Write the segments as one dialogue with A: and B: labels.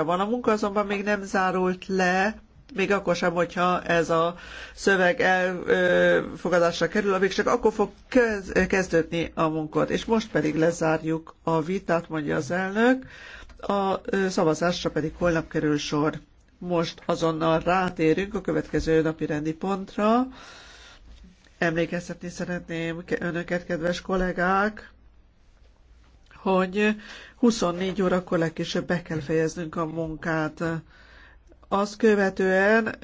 A: van. A munka azonban még nem zárult le, még akkor sem, hogyha ez a szöveg elfogadásra kerül, amíg csak akkor fog kezdődni a munkot. És most pedig lezárjuk a vitát, mondja az elnök, a szavazásra pedig holnap kerül sor. Most azonnal rátérünk a következő napi rendi pontra. Emlékeztetni szeretném önöket, kedves kollégák, hogy 24 órakor legkésőbb be kell fejeznünk a munkát. Azt követően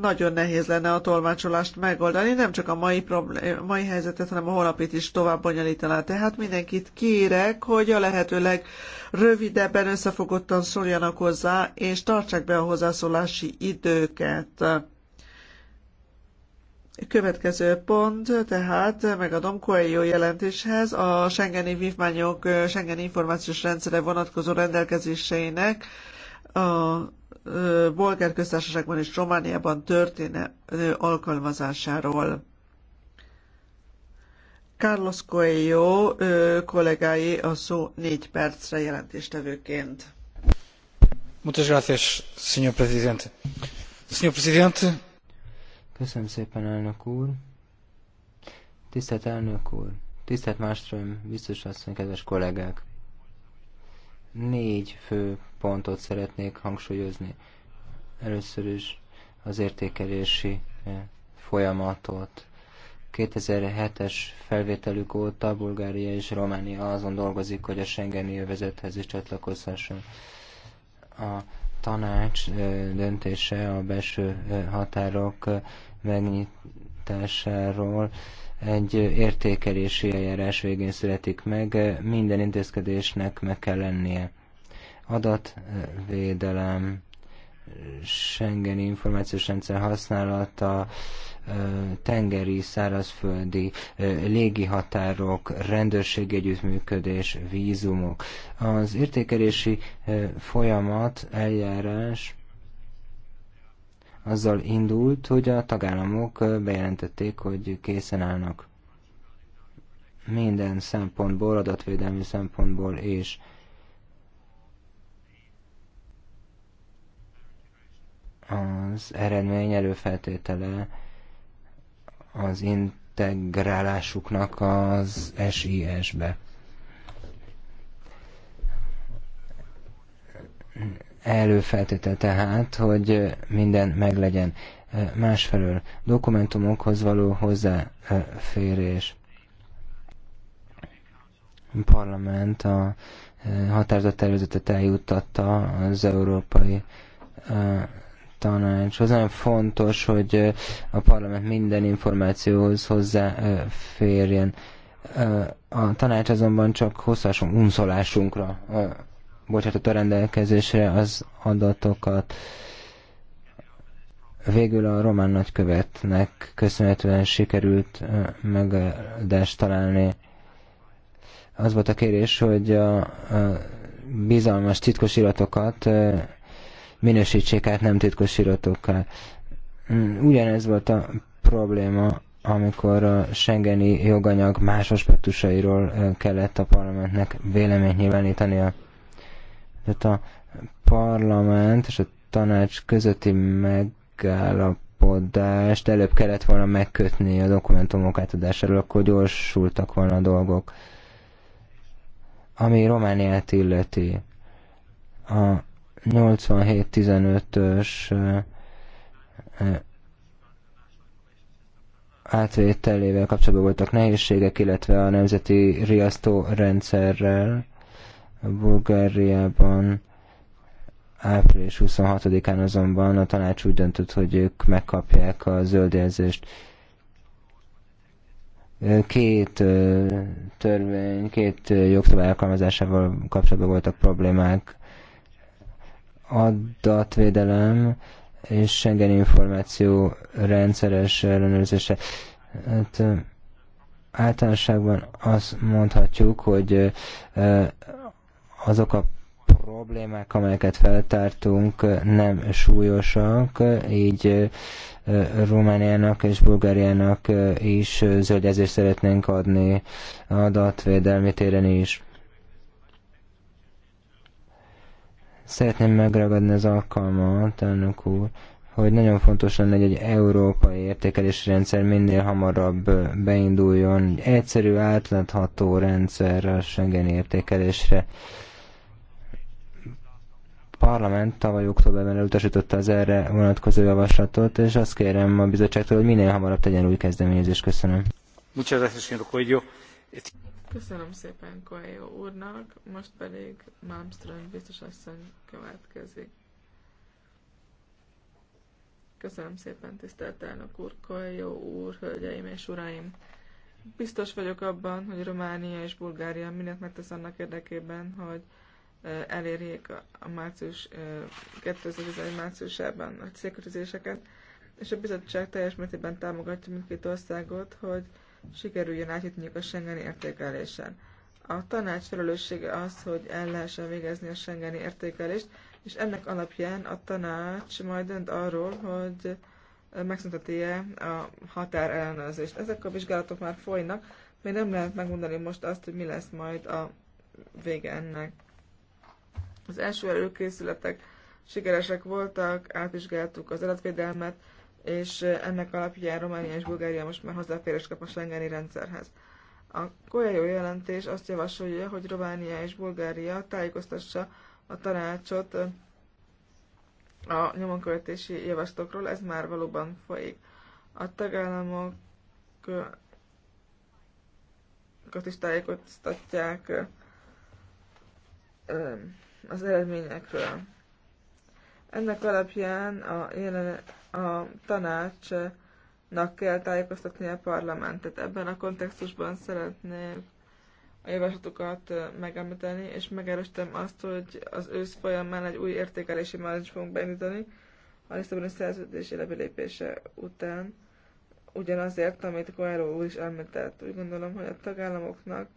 A: nagyon nehéz lenne a tolmácsolást megoldani, nem csak a mai, problém, mai helyzetet, hanem a holnapit is tovább bonyolítaná. Tehát mindenkit kérek, hogy a lehetőleg rövidebben összefogottan szóljanak hozzá, és tartsák be a hozzászólási időket Következő pont, tehát megadom Coelho jelentéshez a Schengeni vívmányok Schengeni információs rendszere vonatkozó rendelkezéseinek a bolgár köztársaságban és Romániában történe alkalmazásáról. Carlos Coelho kollégái a szó négy percre jelentéstevőként.
B: Muchas gracias, señor presidente. Señor presidente, Köszönöm szépen, elnök úr. Tisztelt elnök úr, tisztelt Mástrom, biztos asszony, kedves kollégák. Négy fő pontot szeretnék hangsúlyozni. Először is az értékelési eh, folyamatot. 2007-es felvételük óta Bulgária és Románia azon dolgozik, hogy a Schengeni övezethez is csatlakozhasson. A tanács döntése a belső határok megnyitásáról egy értékelési eljárás végén születik meg, minden intézkedésnek meg kell lennie. Adatvédelem, Schengen információs rendszer használata, tengeri, szárazföldi, határok, rendőrségi együttműködés, vízumok. Az értékelési folyamat, eljárás azzal indult, hogy a tagállamok bejelentették, hogy készen állnak minden szempontból, adatvédelmi szempontból és az eredmény előfeltétele az integrálásuknak az SIS-be. Előfeltétel tehát, hogy minden meglegyen. Másfelől dokumentumokhoz való hozzáférés. A parlament a határozat határozattervezetet eljuttatta az Európai tanács. Az Nagyon fontos, hogy a parlament minden információhoz hozzáférjen. A tanács azonban csak hosszasunk, unszolásunkra bocsátott a rendelkezésre az adatokat. Végül a román nagykövetnek köszönhetően sikerült megoldást találni. Az volt a kérés, hogy a bizalmas titkos iratokat minősítsék át nem titkos iratokkal. Mm, ugyanez volt a probléma, amikor a Schengeni joganyag más aspektusairól kellett a parlamentnek véleményt nyilvánítania. Tehát a parlament és a tanács közötti megállapodást előbb kellett volna megkötni a dokumentumok átadásáról, akkor gyorsultak volna a dolgok. Ami Romániát illeti, a 87-15-ös átvételével kapcsolatban voltak nehézségek, illetve a nemzeti rendszerrel Bulgáriában április 26-án azonban a tanács úgy döntött, hogy ők megkapják a zöldjelzést. Két törvény, két jogszabály alkalmazásával kapcsolatban voltak problémák adatvédelem és Schengen információ rendszeres ellenőrzése. Hát, általánosságban azt mondhatjuk, hogy azok a problémák, amelyeket feltártunk, nem súlyosak, így Romániának és Bulgáriának is zöldjezést szeretnénk adni adatvédelmi téren is. Szeretném megragadni az alkalmat, elnök úr, hogy nagyon fontos lenne, hogy egy európai értékelési rendszer minél hamarabb beinduljon, egy egyszerű, átlátható rendszer a Schengen értékelésre. A parlament tavaly októberben elutasította az erre vonatkozó javaslatot, és azt kérem a bizottságtól, hogy minél hamarabb tegyen új kezdeményezést. Köszönöm.
A: Köszönöm
C: szépen Koelyó úrnak, most pedig Malmström biztos asszony következik. Köszönöm szépen, tisztelt elnök úr, Koelyó úr, hölgyeim és uraim! Biztos vagyok abban, hogy Románia és Bulgária mindent megtesz annak érdekében, hogy elérjék a március 2011 márciusában a célkötözéseket, és a bizottság teljes mértékben támogatja mindkét országot, hogy sikerüljön átjutniuk a Schengeni értékelésen. A tanács felelőssége az, hogy el lehessen végezni a Schengeni értékelést, és ennek alapján a tanács majd dönt arról, hogy megszünteti-e a határellenőrzést. Ezek a vizsgálatok már folynak, még nem lehet megmondani most azt, hogy mi lesz majd a vége ennek. Az első előkészületek sikeresek voltak, átvizsgáltuk az adatvédelmet, és ennek alapján Románia és Bulgária most már hozzáférés kap a Schengeni rendszerhez. A Coelho jelentés azt javasolja, hogy Románia és Bulgária tájékoztassa a tanácsot a nyomonkövetési javaslatokról, ez már valóban folyik. A tagállamokat is tájékoztatják az eredményekről. Ennek alapján a jelen a tanácsnak kell tájékoztatni a parlamentet. Ebben a kontextusban szeretném a javaslatokat megemlíteni, és megerősítem azt, hogy az ősz folyamán egy új értékelési mellett fogunk beindítani a Lisztaboni szerződés lépése után. Ugyanazért, amit Koáró úr is említett, úgy gondolom, hogy a tagállamoknak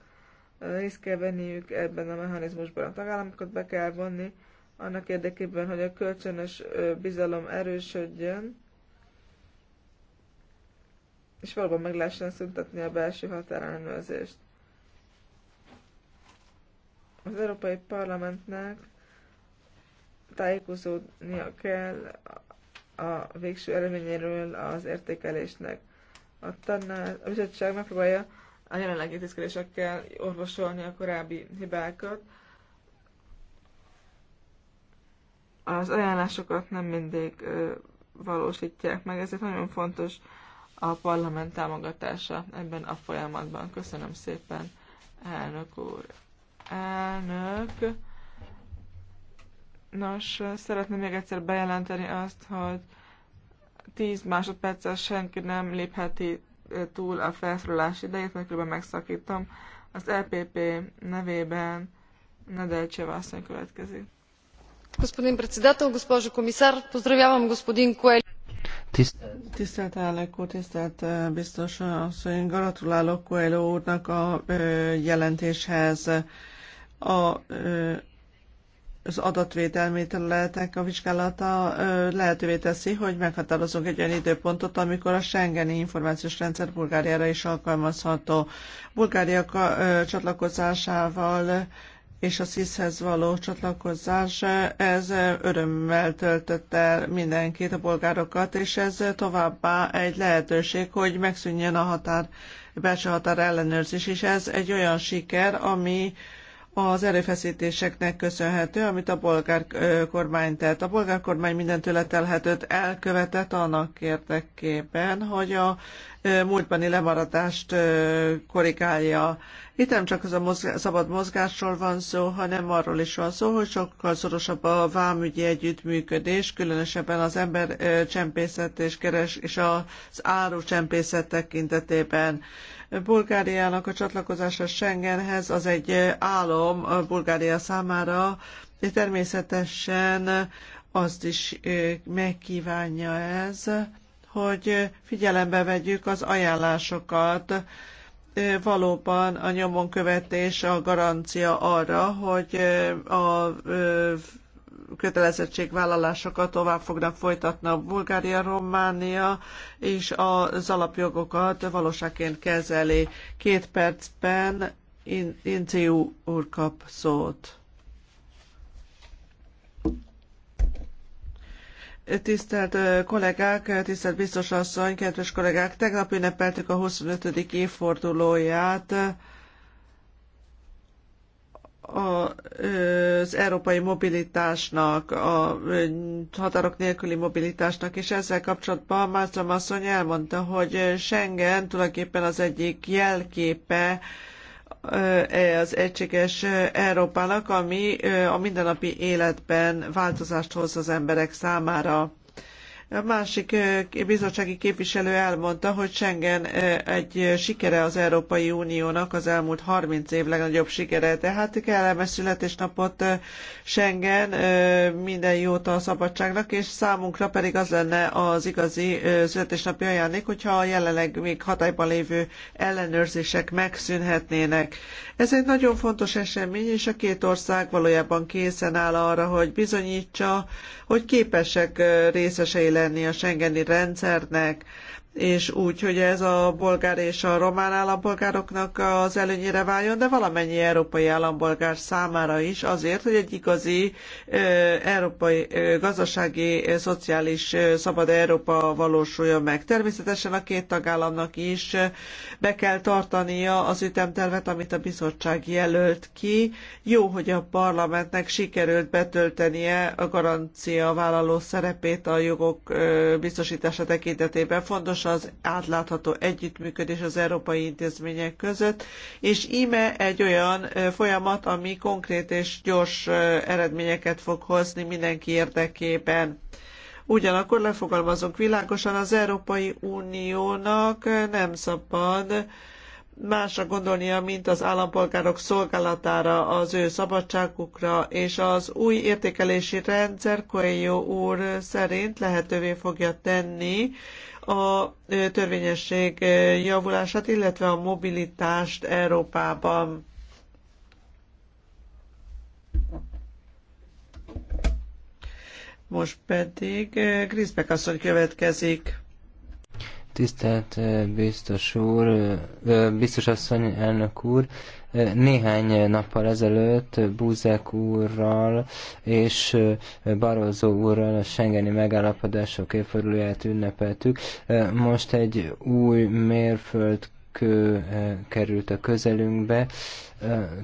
C: részt kell venniük ebben a mechanizmusban. A tagállamokat be kell vonni, annak érdekében, hogy a kölcsönös bizalom erősödjön, és valóban meg lehessen szüntetni a belső határellenőrzést. Az Európai Parlamentnek tájékozódnia kell a végső eredményéről az értékelésnek. A, tanár, a bizottság megpróbálja a jelenlegi intézkedésekkel orvosolni a korábbi hibákat, az ajánlásokat nem mindig valósítják meg, ezért nagyon fontos a parlament támogatása ebben a folyamatban. Köszönöm szépen, elnök úr. Elnök. Nos, szeretném még egyszer bejelenteni azt, hogy 10 másodperccel senki nem lépheti túl a felszólalás idejét, mert kb. megszakítom. Az LPP e nevében Nedelcseva asszony következik господин
A: председател госпожо комисар поздравявам господин коелho Tisztelt elnök úr, tisztelt eh, biztos asszony, gratulálok Coelho úrnak a eh, jelentéshez. A, eh, az adatvédelmi területek a vizsgálata lehetővé teszi, hogy meghatározunk egy olyan időpontot, amikor a Schengeni információs rendszer Bulgáriára is alkalmazható. Bulgária csatlakozásával és a SZISZ-hez való csatlakozás, ez örömmel töltött el mindenkit, a polgárokat, és ez továbbá egy lehetőség, hogy megszűnjön a határ, belső határ ellenőrzés, és ez egy olyan siker, ami az erőfeszítéseknek köszönhető, amit a bolgár kormány tett. A bolgár kormány minden tőle elkövetett annak érdekében, hogy a múltbani lemaradást korrigálja. Itt nem csak az a mozgá- szabad mozgásról van szó, hanem arról is van szó, hogy sokkal szorosabb a vámügyi együttműködés, különösebben az ember csempészet és keres és az áru csempészet tekintetében. Bulgáriának a csatlakozása Schengenhez az egy álom a Bulgária számára, de természetesen azt is megkívánja ez, hogy figyelembe vegyük az ajánlásokat, valóban a követés a garancia arra, hogy a kötelezettségvállalásokat tovább fognak folytatni a Bulgária, Románia, és az alapjogokat valóságként kezeli. Két percben Inciu úr kap szót. Tisztelt kollégák, tisztelt biztos asszony, kedves kollégák, tegnap ünnepeltük a 25. évfordulóját az európai mobilitásnak, a határok nélküli mobilitásnak, és ezzel kapcsolatban Márton asszony elmondta, hogy Schengen tulajdonképpen az egyik jelképe E, az egységes Európának, ami a mindennapi életben változást hoz az emberek számára. A másik bizottsági képviselő elmondta, hogy Schengen egy sikere az Európai Uniónak az elmúlt 30 év legnagyobb sikere. Tehát kellemes születésnapot Schengen, minden jót a szabadságnak, és számunkra pedig az lenne az igazi születésnapi ajándék, hogyha a jelenleg még hatályban lévő ellenőrzések megszűnhetnének. Ez egy nagyon fontos esemény, és a két ország valójában készen áll arra, hogy bizonyítsa, hogy képesek részesei lenni a Schengeni rendszernek, és úgy, hogy ez a bolgár és a román állampolgároknak az előnyére váljon, de valamennyi európai állampolgár számára is azért, hogy egy igazi európai gazdasági, szociális, szabad Európa valósuljon meg. Természetesen a két tagállamnak is be kell tartania az ütemtervet, amit a bizottság jelölt ki. Jó, hogy a parlamentnek sikerült betöltenie a garancia vállaló szerepét a jogok biztosítása tekintetében. Fontos az átlátható együttműködés az európai intézmények között, és íme egy olyan folyamat, ami konkrét és gyors eredményeket fog hozni mindenki érdekében. Ugyanakkor lefogalmazunk világosan, az Európai Uniónak nem szabad másra gondolnia, mint az állampolgárok szolgálatára, az ő szabadságukra, és az új értékelési rendszer Coelho úr szerint lehetővé fogja tenni a törvényesség javulását, illetve a mobilitást Európában. Most pedig Griszbek asszony következik.
B: Tisztelt biztos úr, biztos asszony, elnök úr, néhány nappal ezelőtt Búzek úrral és Barozó úrral a Schengeni megállapodások évfordulóját ünnepeltük. Most egy új mérföld került a közelünkbe,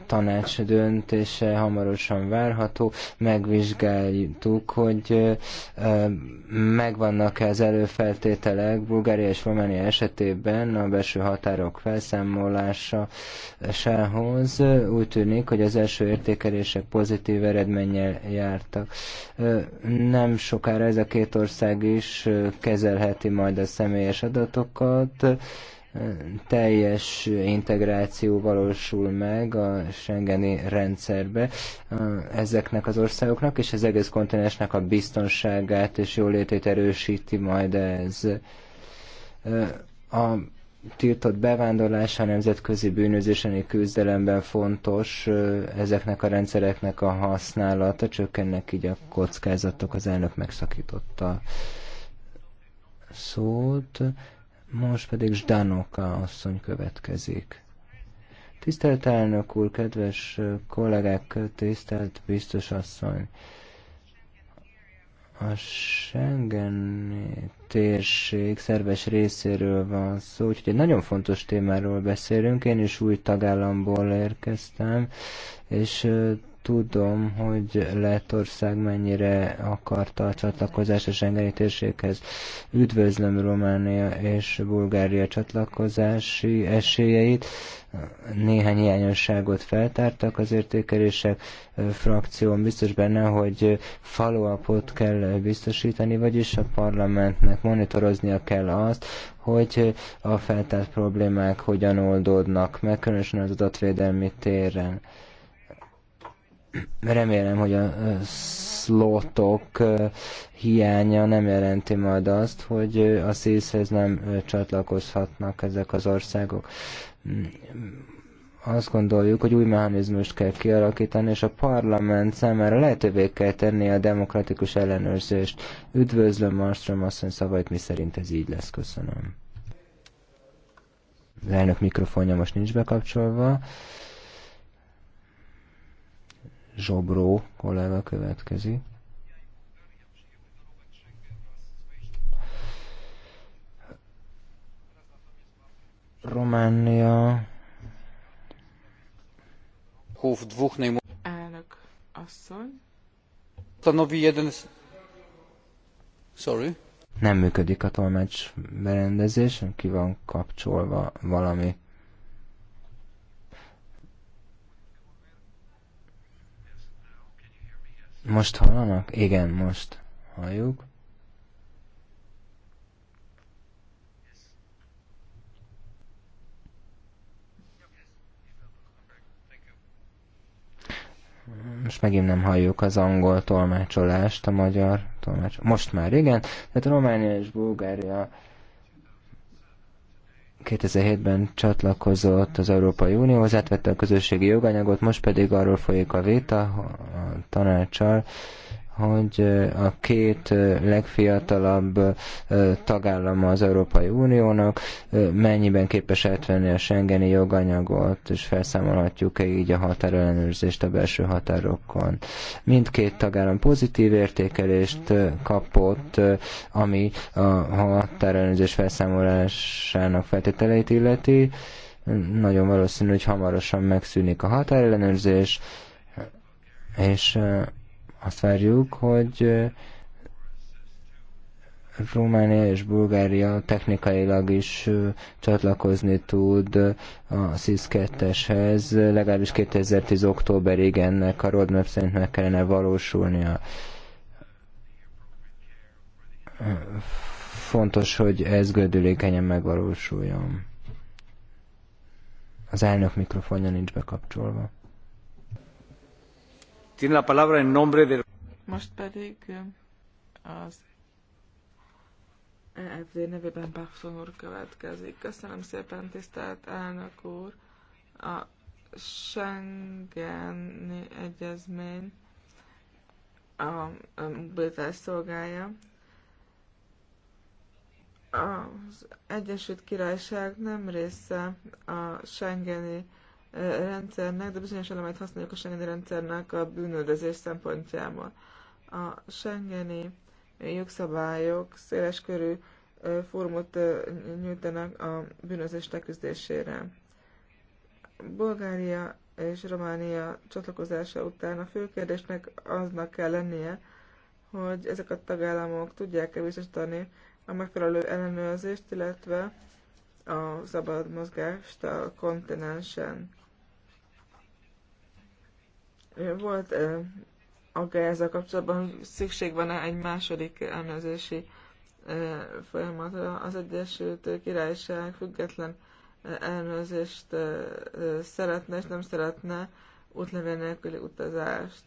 B: tanács döntése hamarosan várható. Megvizsgáltuk, hogy megvannak-e az előfeltételek Bulgária és Románia esetében a belső határok felszámolása sához. Úgy tűnik, hogy az első értékelések pozitív eredménnyel jártak. Nem sokára ez a két ország is kezelheti majd a személyes adatokat, teljes integráció valósul meg a Schengeni rendszerbe ezeknek az országoknak, és az egész kontinensnek a biztonságát és jólétét erősíti majd ez. A tiltott bevándorlás a nemzetközi bűnözéseni küzdelemben fontos ezeknek a rendszereknek a használata, csökkennek így a kockázatok, az elnök megszakította szót. Most pedig Zdanoka asszony következik. Tisztelt elnök úr, kedves kollégák, tisztelt biztos asszony! A Schengen térség szerves részéről van szó, úgyhogy egy nagyon fontos témáról beszélünk. Én is új tagállamból érkeztem, és tudom, hogy Lettország mennyire akarta a csatlakozás a Schengeni térséghez. Üdvözlöm Románia és Bulgária csatlakozási esélyeit. Néhány hiányosságot feltártak az értékelések frakción. Biztos benne, hogy faluapot kell biztosítani, vagyis a parlamentnek monitoroznia kell azt, hogy a feltárt problémák hogyan oldódnak meg, különösen az adatvédelmi téren. Remélem, hogy a slotok hiánya nem jelenti majd azt, hogy a szészhez nem csatlakozhatnak ezek az országok. Azt gondoljuk, hogy új mechanizmust kell kialakítani, és a parlament számára lehetővé kell tenni a demokratikus ellenőrzést. Üdvözlöm Marstrom asszony szavait, mi szerint ez így lesz. Köszönöm. Az elnök mikrofonja most nincs bekapcsolva. Zsobró kollega következik. Románia. Hóf dwóch najmłodszych.
C: Elnök asszony.
B: Stanowi jeden Sorry. Nem működik a tolmács berendezés, ki van kapcsolva valami. Most hallanak? Igen, most halljuk. Most megint nem halljuk az angol tolmácsolást, a magyar tolmácsolást. Most már igen, tehát Románia és Bulgária 2007-ben csatlakozott az Európai Unióhoz, átvette a közösségi joganyagot, most pedig arról folyik a véta a tanácsal, hogy a két legfiatalabb tagállama az Európai Uniónak mennyiben képes átvenni a Schengeni joganyagot, és felszámolhatjuk-e így a határellenőrzést a belső határokon. Mindkét tagállam pozitív értékelést kapott, ami a határellenőrzés felszámolásának feltételeit illeti. Nagyon valószínű, hogy hamarosan megszűnik a határellenőrzés, és azt várjuk, hogy Románia és Bulgária technikailag is csatlakozni tud a SZISZ 2-eshez, legalábbis 2010. októberig ennek a roadmap szerint meg kellene valósulnia. Fontos, hogy ez gödülékenyen megvalósuljon. Az elnök mikrofonja nincs bekapcsolva.
A: Tiene la palabra en nombre de...
C: Most pedig eh, az EFD nevében Bafton úr következik. Köszönöm szépen, tisztelt elnök úr! A Schengeni egyezmény a mobilitás szolgálja. Az Egyesült Királyság nem része a Schengeni rendszernek, de bizonyos elemeit használjuk a Schengeni rendszernek a bűnöldözés szempontjából. A Schengeni jogszabályok széleskörű fórumot nyújtanak a bűnözés leküzdésére. Bulgária és Románia csatlakozása után a fő kérdésnek aznak kell lennie, hogy ezek a tagállamok tudják-e biztosítani a megfelelő ellenőrzést, illetve a szabad mozgást a kontinensen. Volt aggály ezzel kapcsolatban, hogy szükség van-e egy második elnőzési folyamatra. Az Egyesült Királyság független elnőzést szeretne, és nem szeretne útlevél nélküli utazást.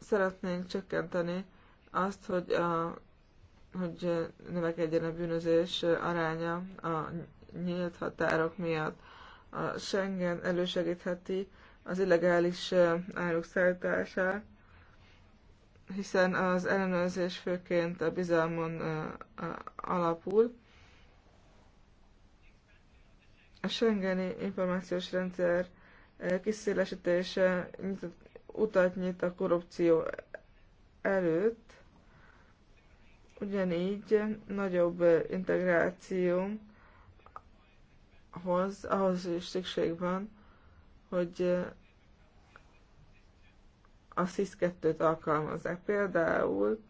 C: Szeretnénk csökkenteni azt, hogy, a, hogy növekedjen a bűnözés aránya a nyílt határok miatt a Schengen elősegítheti az illegális áruk szállítását, hiszen az ellenőrzés főként a bizalmon alapul. A Schengeni információs rendszer kiszélesítése utat nyit a korrupció előtt, ugyanígy nagyobb integráció hoz, ahhoz is szükség van, hogy a SIS-2-t alkalmazzák. Például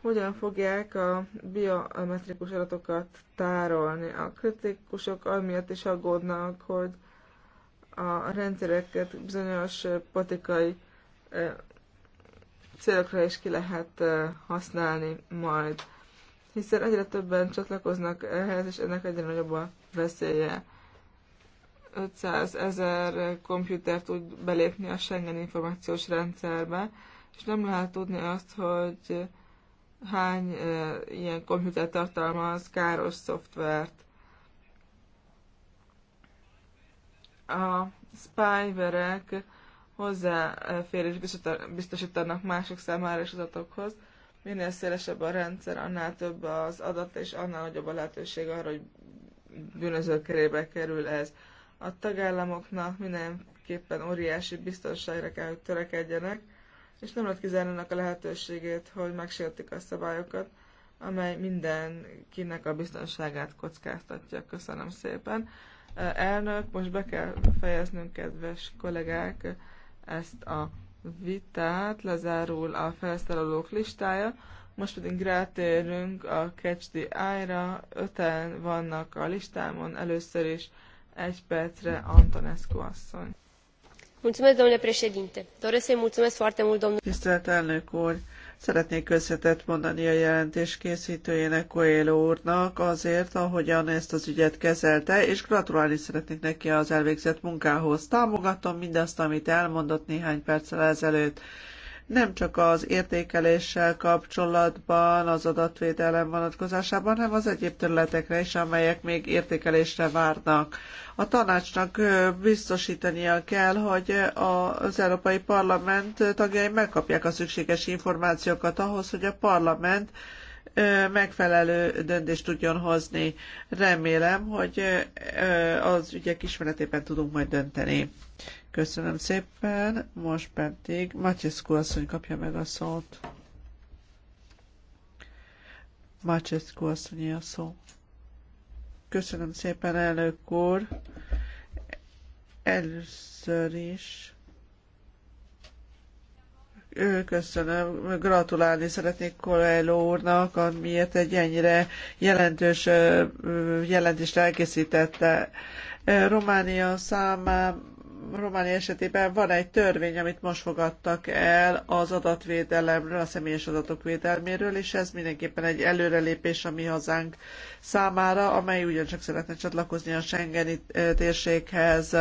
C: hogyan fogják a biometrikus adatokat tárolni. A kritikusok amiatt is aggódnak, hogy a rendszereket bizonyos politikai célokra is ki lehet használni majd. Hiszen egyre többen csatlakoznak ehhez, és ennek egyre nagyobb a veszélye. 500 ezer komputer tud belépni a Schengen információs rendszerbe, és nem lehet tudni azt, hogy hány ilyen komputer tartalmaz káros szoftvert. A spyverek hozzáférés biztosítanak mások számára és adatokhoz. Minél szélesebb a rendszer, annál több az adat, és annál nagyobb a lehetőség arra, hogy bűnözők körébe kerül ez. A tagállamoknak mindenképpen óriási biztonságra kell, hogy törekedjenek, és nem lehet kizárni a lehetőségét, hogy megsértik a szabályokat, amely mindenkinek a biztonságát kockáztatja. Köszönöm szépen. Elnök, most be kell fejeznünk, kedves kollégák, ezt a vitát. Lezárul a felszerelők listája. Most pedig rátérünk a Catch the Eye-ra. Öten vannak a listámon, először is egy percre Antonescu asszony.
A: Mulțumesc, domnule președinte. Doresc să-i mulțumesc foarte mult, domnule... Tisztelt elnök úr! Szeretnék köszönetet mondani a jelentés készítőjének, Coelho úrnak azért, ahogyan ezt az ügyet kezelte, és gratulálni szeretnék neki az elvégzett munkához. Támogatom mindazt, amit elmondott néhány perccel ezelőtt nem csak az értékeléssel kapcsolatban, az adatvédelem vonatkozásában, hanem az egyéb területekre is, amelyek még értékelésre várnak. A tanácsnak biztosítania kell, hogy az Európai Parlament tagjai megkapják a szükséges információkat ahhoz, hogy a parlament megfelelő döntést tudjon hozni. Remélem, hogy az ügyek ismeretében tudunk majd dönteni. Köszönöm szépen, most pedig Macseszkó asszony kapja meg a szót. Macseszkó asszonyi a szó. Köszönöm szépen, elnök úr. Először is Köszönöm, gratulálni szeretnék Coelho úrnak, amiért egy ennyire jelentős jelentést elkészítette. Románia számára Románia esetében van egy törvény, amit most fogadtak el az adatvédelemről, a személyes adatok védelméről, és ez mindenképpen egy előrelépés a mi hazánk számára, amely ugyancsak szeretne csatlakozni a Schengeni eh, térséghez.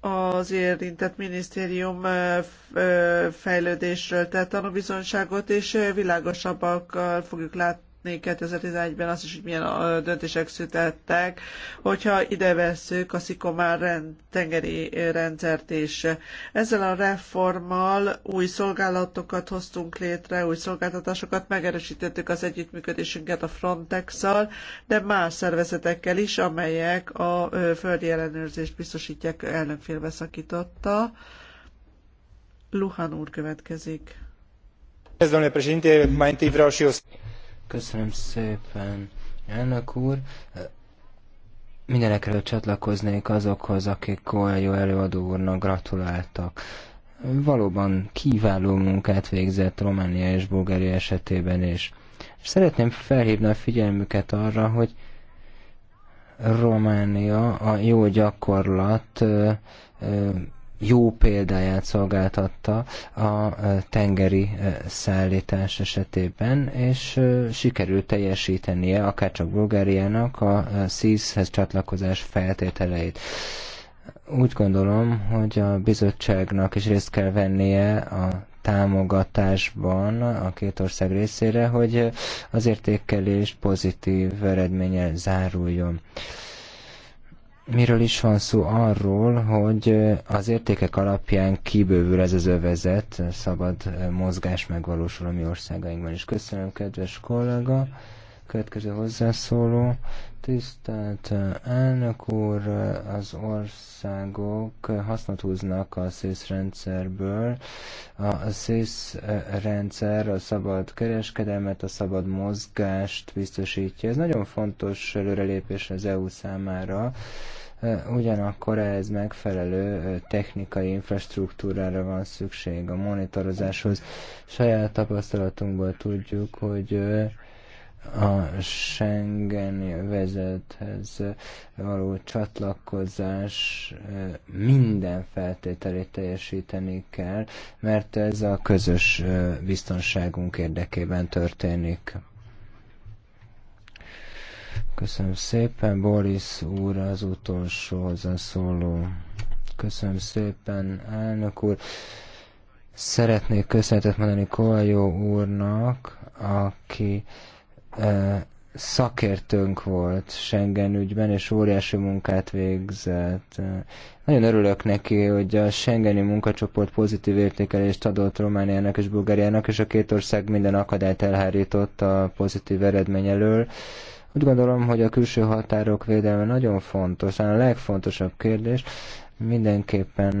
A: az érintett minisztérium eh, eh, fejlődésről tett tanúbizonyságot, és világosabbak fogjuk látni, 2011-ben azt is, hogy milyen döntések születtek, hogyha ide veszük a szikomár rend, tengeri rendszert is. Ezzel a reformmal új szolgálatokat hoztunk létre, új szolgáltatásokat, megerősítettük az együttműködésünket a Frontex-szal, de más szervezetekkel is, amelyek a földi ellenőrzést biztosítják, ellenfélbe szakította. Luhan úr következik.
B: Köszönöm, președinte, mai întâi vreau și eu Köszönöm szépen, elnök úr. Mindenekről csatlakoznék azokhoz, akik jó előadó úrnak gratuláltak. Valóban kiváló munkát végzett Románia és Bulgária esetében is. És szeretném felhívni a figyelmüket arra, hogy Románia a jó gyakorlat jó példáját szolgáltatta a e, tengeri e, szállítás esetében, és e, sikerült teljesítenie akárcsak Bulgáriának a SZISZ-hez csatlakozás feltételeit úgy gondolom, hogy a bizottságnak is részt kell vennie a támogatásban a két ország részére, hogy az értékelés pozitív eredménye záruljon miről is van szó? Arról, hogy az értékek alapján kibővül ez az övezet, szabad mozgás megvalósul a mi országainkban is. Köszönöm, kedves kollega. Következő hozzászóló. Tisztelt elnök úr, az országok hasznot húznak a SZÉSZ rendszerből. A SZÉSZ rendszer a szabad kereskedelmet, a szabad mozgást biztosítja. Ez nagyon fontos előrelépés az EU számára ugyanakkor ez megfelelő technikai infrastruktúrára van szükség a monitorozáshoz. Saját tapasztalatunkból tudjuk, hogy a Schengen vezethez való csatlakozás minden feltételét teljesíteni kell, mert ez a közös biztonságunk érdekében történik. Köszönöm szépen, Boris úr az utolsó hozzászóló. Köszönöm szépen, elnök úr. Szeretnék köszönetet mondani Koajó úrnak, aki eh, szakértőnk volt Schengen ügyben, és óriási munkát végzett. Nagyon örülök neki, hogy a Schengeni munkacsoport pozitív értékelést adott Romániának és Bulgáriának, és a két ország minden akadályt elhárított a pozitív eredmény elől. Eh, úgy gondolom, hogy a külső határok védelme nagyon fontos, a legfontosabb kérdés, Mindenképpen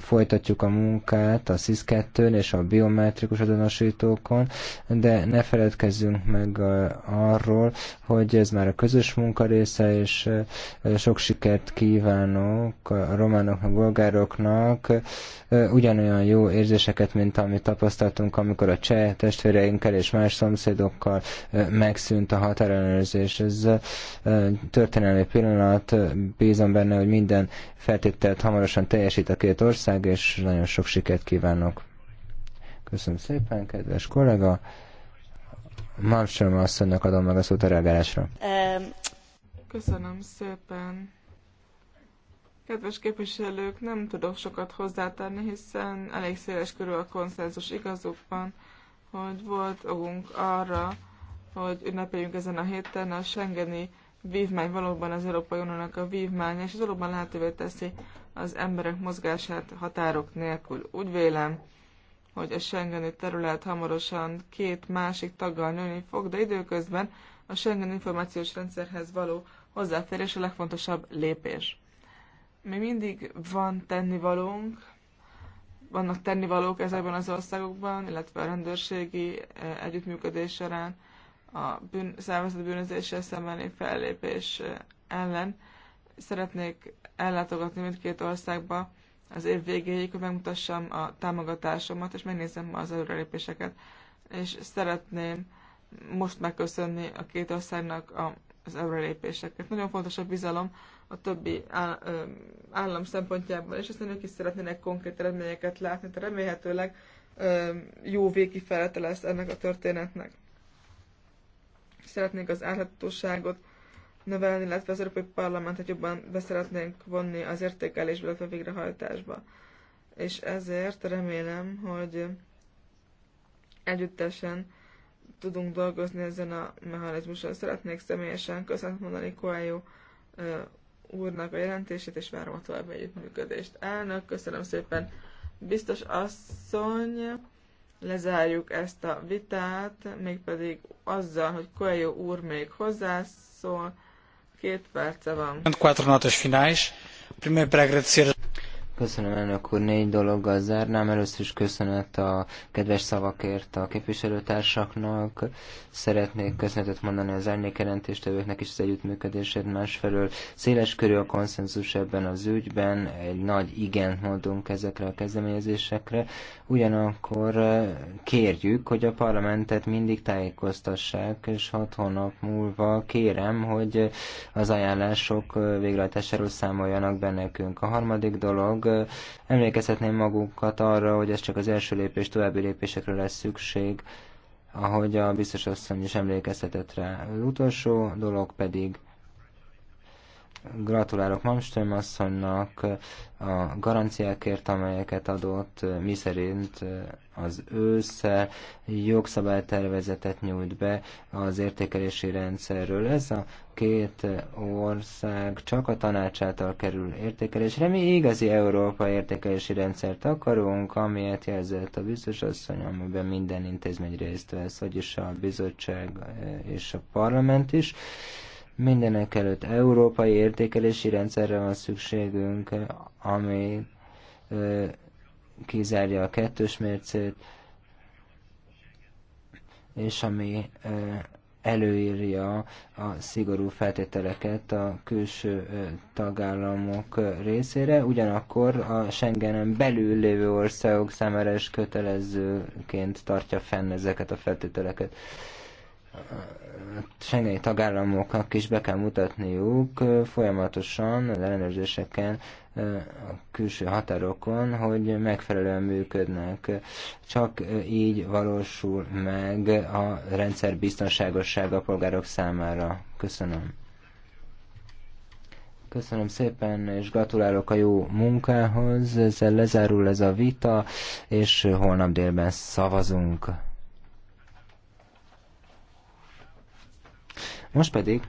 B: folytatjuk a munkát a sis 2 és a biometrikus azonosítókon, de ne feledkezzünk meg arról, hogy ez már a közös munka része, és sok sikert kívánok a románoknak, a bolgároknak, ugyanolyan jó érzéseket, mint amit tapasztaltunk, amikor a cseh testvéreinkkel és más szomszédokkal megszűnt a határellenőrzés. Ez történelmi pillanat, bízom benne, hogy minden feltétel projektet hamarosan teljesít a két ország, és nagyon sok sikert kívánok. Köszönöm szépen, kedves kollega. Malmström asszonynak adom meg a szót a reagálásra.
C: Köszönöm szépen. Kedves képviselők, nem tudok sokat hozzátenni, hiszen elég széles körül a konszenzus igazukban, hogy volt okunk arra, hogy ünnepeljünk ezen a héten a Schengeni vívmány valóban az Európai Uniónak a vívmány, és ez valóban lehetővé teszi az emberek mozgását határok nélkül. Úgy vélem, hogy a Schengeni terület hamarosan két másik taggal nőni fog, de időközben a Schengen információs rendszerhez való hozzáférés a legfontosabb lépés. Még mindig van tennivalónk, vannak tennivalók ezekben az országokban, illetve a rendőrségi eh, együttműködés során, a bűn, szervezett bűnözéssel szembeni fellépés ellen. Szeretnék ellátogatni mindkét országba az év végéig, hogy megmutassam a támogatásomat, és megnézem ma az előrelépéseket. És szeretném most megköszönni a két országnak a, az előrelépéseket. Nagyon fontos a bizalom a többi áll, ö, állam szempontjából, és aztán ők is szeretnének konkrét eredményeket látni, tehát remélhetőleg ö, jó végkifejlete lesz ennek a történetnek szeretnénk az állhatóságot növelni, illetve az Európai Parlamentet jobban beszeretnénk vonni az értékelésbe, illetve végrehajtásba. És ezért remélem, hogy együttesen tudunk dolgozni ezen a mechanizmuson. Szeretnék személyesen köszönt mondani Coelho úrnak a jelentését, és várom a további együttműködést. Elnök, köszönöm szépen, biztos asszony! lezárjuk ezt a vitát, mégpedig azzal, hogy Coelho úr még hozzászól. Két perce van.
B: Quatro notas finais. Primeiro para agradecer Köszönöm, elnök úr. Négy dologgal zárnám. Először is köszönet a kedves szavakért a képviselőtársaknak. Szeretnék köszönetet mondani az árnyékjelentéstevőknek is az együttműködését. Másfelől széles körű a konszenzus ebben az ügyben. Egy nagy igent mondunk ezekre a kezdeményezésekre. Ugyanakkor eh, kérjük, hogy a parlamentet mindig tájékoztassák, és hat hónap múlva kérem, hogy az ajánlások eh, végrehajtásáról számoljanak be nekünk. A harmadik dolog, Emlékezhetném magunkat arra, hogy ez csak az első lépés, további lépésekre lesz szükség, ahogy a biztos asszony is emlékezhetett rá. Az utolsó dolog pedig Gratulálok Malmström asszonynak a garanciákért, amelyeket adott, mi szerint az össze jogszabálytervezetet nyújt be az értékelési rendszerről. Ez a két ország csak a tanácsától kerül értékelésre. Mi igazi Európa értékelési rendszert akarunk, amilyet jelzett a biztos asszony, amiben minden intézmény részt vesz, vagyis a bizottság és a parlament is. Mindenek előtt európai értékelési rendszerre van szükségünk, ami kizárja a kettős mércét, és ami előírja a szigorú feltételeket a külső tagállamok részére, ugyanakkor a Schengenen belül lévő országok számára is kötelezőként tartja fenn ezeket a feltételeket. Schengeni tagállamoknak is be kell mutatniuk folyamatosan az ellenőrzéseken a külső határokon, hogy megfelelően működnek. Csak így valósul meg a rendszer biztonságossága a polgárok számára. Köszönöm. Köszönöm szépen, és gratulálok a jó munkához. Ezzel lezárul ez a vita, és holnap délben szavazunk. Most pedig